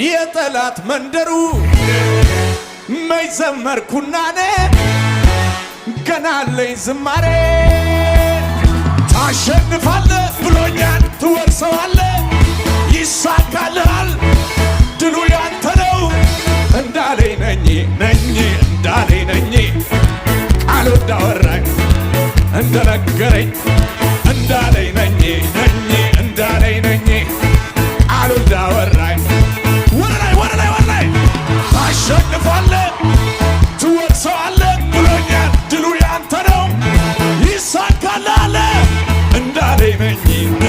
የጠላት መንደሩ መች ዘመርኩናኔ ገና አለኝ ዝማሬ ታሸንፋለ ብሎኛል ትወርሰዋለ ይሳካልሃል ድሉ ያንተ ነው እንዳለኝ ነኝ ነኝ እንዳለኝ ነኝ ቃሉ እንዳወራኝ እንደነገረኝ ታሸንፋለ፣ ትወርሰዋለ ብሎኛል። ድሉ ያንተ ነው፣ ይሳካላለ እንዳለኝ ነኝ